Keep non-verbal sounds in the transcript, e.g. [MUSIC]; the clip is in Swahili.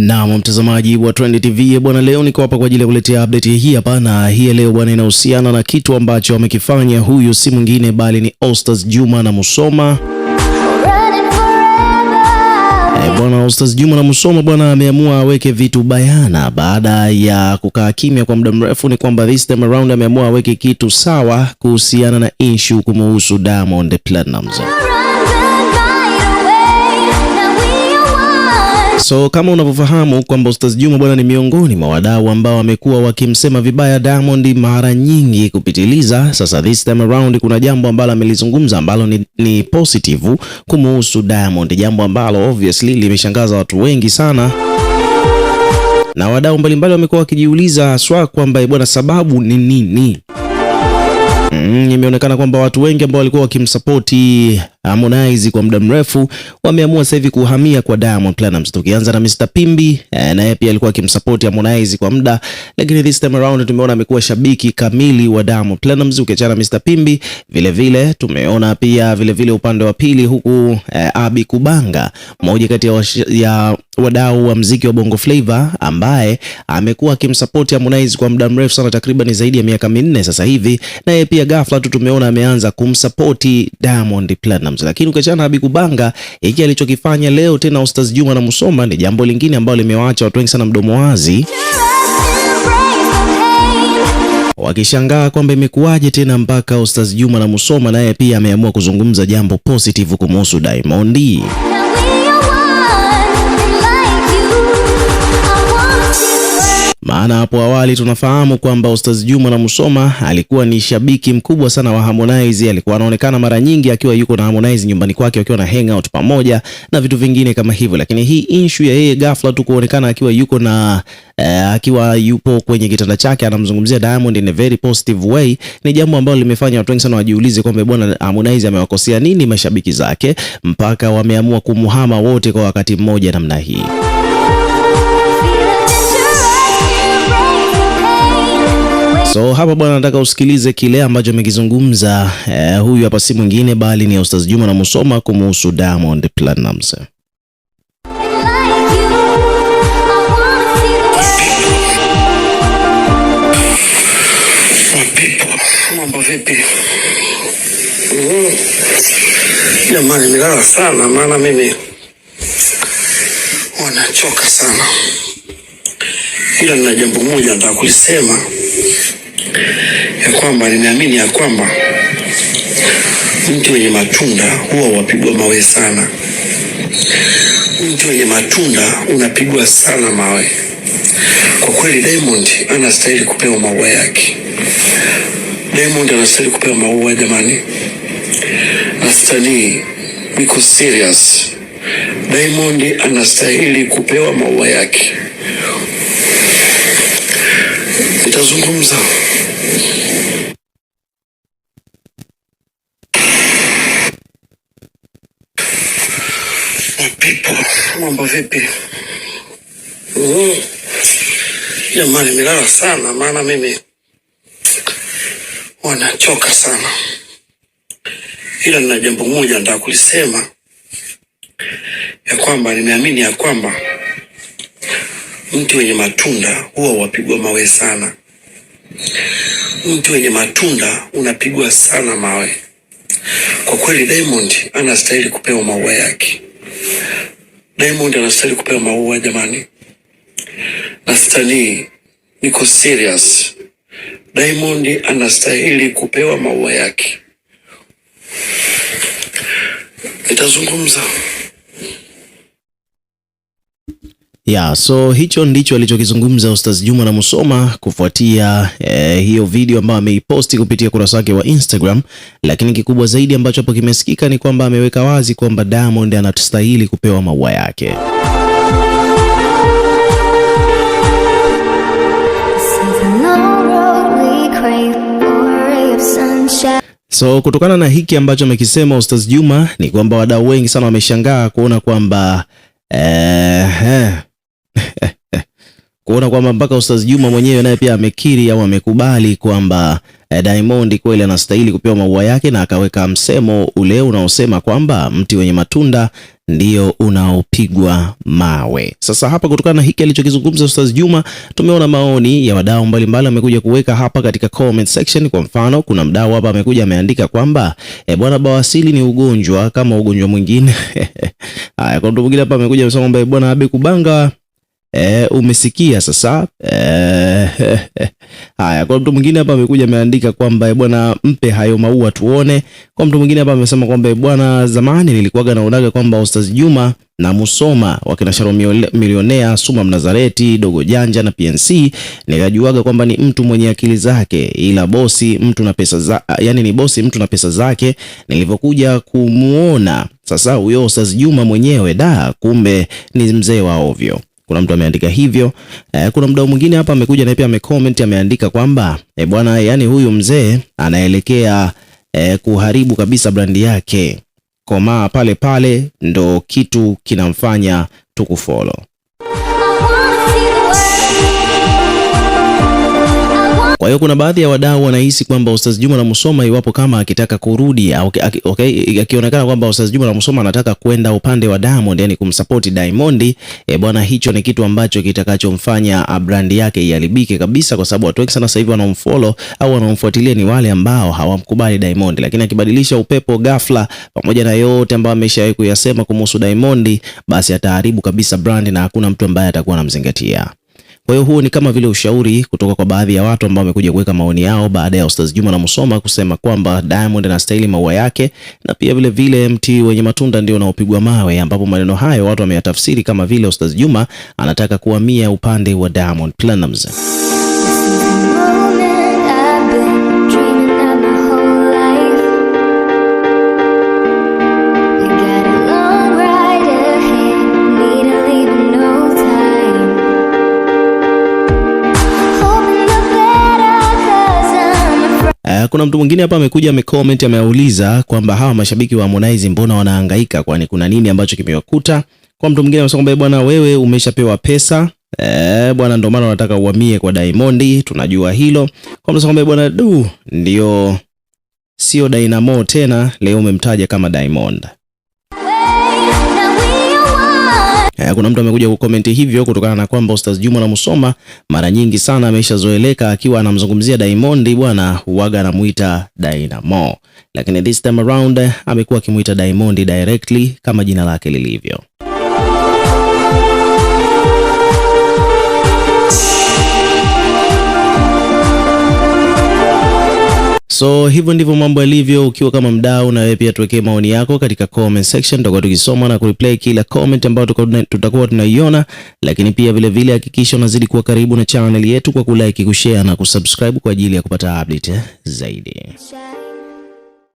Na mtazamaji wa Trend TV bwana, leo niko hapa kwa ajili ya kuletea update hii hapa, na hii leo bwana inahusiana na kitu ambacho amekifanya huyu si mwingine bali ni Ostaz Juma na Musoma. Eh, bwana Ostaz Juma na Musoma bwana ameamua aweke vitu bayana baada ya kukaa kimya kwa muda mrefu. Ni kwamba this time around ameamua aweke kitu sawa kuhusiana na issue kumuhusu Diamond Platnumz. So kama unavyofahamu kwamba Ustaz Juma bwana ni miongoni mwa wadau ambao wamekuwa wakimsema vibaya Diamond mara nyingi kupitiliza. Sasa this time around kuna jambo ambalo amelizungumza ambalo ni, ni positive kumuhusu Diamond, jambo ambalo obviously limeshangaza watu wengi sana na wadau mbalimbali wamekuwa wakijiuliza swa kwamba eh, bwana, sababu ni nini? Mm, imeonekana kwamba watu wengi ambao walikuwa wakimsapoti Harmonize kwa muda mrefu wameamua sasa hivi kuhamia kwa Diamond Platnumz. Tukianza na Mr Pimbi eh, naye pia alikuwa akimsupport Harmonize kwa muda, lakini this time around tumeona amekuwa shabiki kamili wa Diamond Platnumz. Ukiachana na Mr Pimbi, vile vile tumeona pia vile vile upande wa pili huku eh, Abi Kubanga, mmoja kati ya, ya wadau wa mziki wa Bongo Flava ambaye amekuwa akimsupport Harmonize kwa muda mrefu sana, takriban zaidi ya miaka minne sasa hivi, naye pia ghafla tu tumeona ameanza kumsupport Diamond Platnumz. Williams. Lakini ukiachana na Bikubanga, hiki alichokifanya leo tena Ustaz Juma na Musoma ni jambo lingine ambalo limewaacha watu wengi sana mdomo wazi wakishangaa kwamba imekuwaje tena mpaka Ustaz Juma na Musoma naye pia ameamua kuzungumza jambo positive kumhusu Diamond. Maana hapo awali tunafahamu kwamba Ustaz Juma na Musoma alikuwa ni shabiki mkubwa sana wa Harmonize. Alikuwa anaonekana mara nyingi akiwa yuko na Harmonize nyumbani kwake, wakiwa na hangout pamoja na vitu vingine kama hivyo, lakini hii issue ya yeye ghafla tu kuonekana akiwa yuko na Uh, akiwa yupo kwenye kitanda chake anamzungumzia Diamond in a very positive way, ni jambo ambalo limefanya watu wengi sana wajiulize kwamba bwana Harmonize amewakosea nini mashabiki zake mpaka wameamua kumhama wote kwa wakati mmoja namna hii. So hapa bwana, nataka usikilize kile ambacho amekizungumza eh, huyu hapa si mwingine bali ni Ustaz Juma na Musoma kumuhusu Diamond Platnumz. Mambo vipi? Jamani, nilala sana, maana mimi wanachoka sana, ila nina jambo moja nataka kulisema ya kwamba ninaamini ya kwamba mti wenye matunda huwa wapigwa mawe sana. Mti wenye matunda unapigwa sana mawe. Kwa kweli, Diamond anastahili kupewa maua yake. Diamond anastahili kupewa maua jamani, nastanii, niko serious. Diamond anastahili kupewa maua yake. nitazungumza Pipo, mambo vipi? Mm-hmm. Jamani, Milala sana, maana mimi wanachoka sana, ila nina jambo moja nataka kulisema ya kwamba nimeamini ya kwamba mti wenye matunda huwa wapigwa mawe sana mtu wenye matunda unapigwa sana mawe. Kwa kweli, Diamond anastahili kupewa maua yake. Diamond anastahili kupewa maua jamani, na stanii, niko serious. Diamond anastahili kupewa maua yake. Nitazungumza. Yeah, so hicho ndicho alichokizungumza Ustaz Juma na Musoma kufuatia eh, hiyo video ambayo ameiposti kupitia kurasa wake wa Instagram, lakini kikubwa zaidi ambacho hapo kimesikika ni kwamba ameweka wazi kwamba Diamond anastahili kupewa maua yake. So kutokana na hiki ambacho amekisema Ustaz Juma ni kwamba wadau wengi sana wameshangaa kuona kwamba eh, eh, kuona kwamba mpaka Ustaz Juma mwenyewe naye pia amekiri au amekubali kwamba eh, Diamond kweli anastahili kupewa maua yake, na akaweka msemo ule unaosema kwamba mti wenye matunda ndio unaopigwa mawe. Sasa hapa, kutokana na hiki alichokizungumza Ustaz Juma, tumeona maoni ya wadau mbalimbali wamekuja kuweka hapa katika comment section. Kwa mfano, kuna mdau hapa amekuja ameandika kwamba e, bwana bawasili ni ugonjwa kama ugonjwa mwingine. [LAUGHS] Haya, kwa mtu mwingine hapa amekuja amesema kwamba eh, bwana Abe Kubanga E, umesikia sasa e, [LAUGHS] Haya, kwa mtu mwingine hapa amekuja ameandika kwamba eh, bwana, mpe hayo maua tuone. Kwa mtu mwingine hapa amesema kwamba bwana, zamani nilikuwaga naonaga kwamba Ustaz Juma na Musoma wakina Sharo milionea Suma Mnazareti dogo janja na PNC nikajuaga kwamba ni mtu mwenye akili zake, ila bosi mtu na pesa za, yani ni bosi mtu na pesa zake. Nilivyokuja kumuona sasa huyo Ustaz Juma mwenyewe, da kumbe ni mzee wa ovyo. Kuna mtu ameandika hivyo. E, kuna mdau mwingine hapa amekuja na pia amecomment ameandika kwamba e, bwana, yani huyu mzee anaelekea e, kuharibu kabisa brandi yake. Komaa pale pale ndo kitu kinamfanya tukufollow. Kwa hiyo kuna baadhi ya wadau wanahisi kwamba Ustaz Juma na Musoma, iwapo kama akitaka kurudi au okay, akionekana kwamba Ustaz Juma na Musoma anataka kwenda upande wa Diamond, yani kumsupport Diamond, e, bwana, hicho ni kitu ambacho kitakachomfanya brand yake iharibike kabisa, kwa sababu watu wengi sana sasa hivi wanamfollow au wanamfuatilia ni wale ambao hawamkubali Diamond. Lakini akibadilisha upepo ghafla, pamoja na yote ambayo ameshawahi kuyasema kumhusu Diamond, basi ataharibu kabisa brand na hakuna mtu ambaye atakuwa anamzingatia. Kwa hiyo huo ni kama vile ushauri kutoka kwa baadhi ya watu ambao wamekuja kuweka maoni yao baada ya Ustaz Juma na Musoma kusema kwamba Diamond anastahili maua yake, na pia vile vile mti wenye matunda ndio unaopigwa mawe, ambapo maneno hayo watu wameyatafsiri kama vile Ustaz Juma anataka kuhamia upande wa Diamond Platinumz. kuna mtu mwingine hapa amekuja amecomment, ameuliza kwamba hawa mashabiki wa Harmonize mbona wanahangaika, kwani kuna nini ambacho kimewakuta? Kwa mtu mwingine amesema kwamba bwana, wewe umeshapewa pesa E, bwana ndio maana unataka uhamie kwa Diamond, tunajua hilo. Kwa mtu kwamba bwana du, ndio sio Dynamo tena, leo umemtaja kama Diamond. Eh, kuna mtu amekuja kukomenti hivyo kutokana na kwamba Ustaz Juma na Musoma mara nyingi sana ameshazoeleka akiwa anamzungumzia Diamond bwana, huaga anamuita Dynamo, lakini this time around eh, amekuwa akimuita Diamond directly kama jina lake lilivyo. So hivyo ndivyo mambo yalivyo. Ukiwa kama mdau, na wewe pia tuwekee maoni yako katika comment section, tutakuwa tukisoma na kureplay kila comment ambayo tutakuwa tunaiona. Lakini pia vile vile hakikisha unazidi kuwa karibu na channel yetu kwa kulike, kushare na kusubscribe kwa ajili ya kupata update zaidi.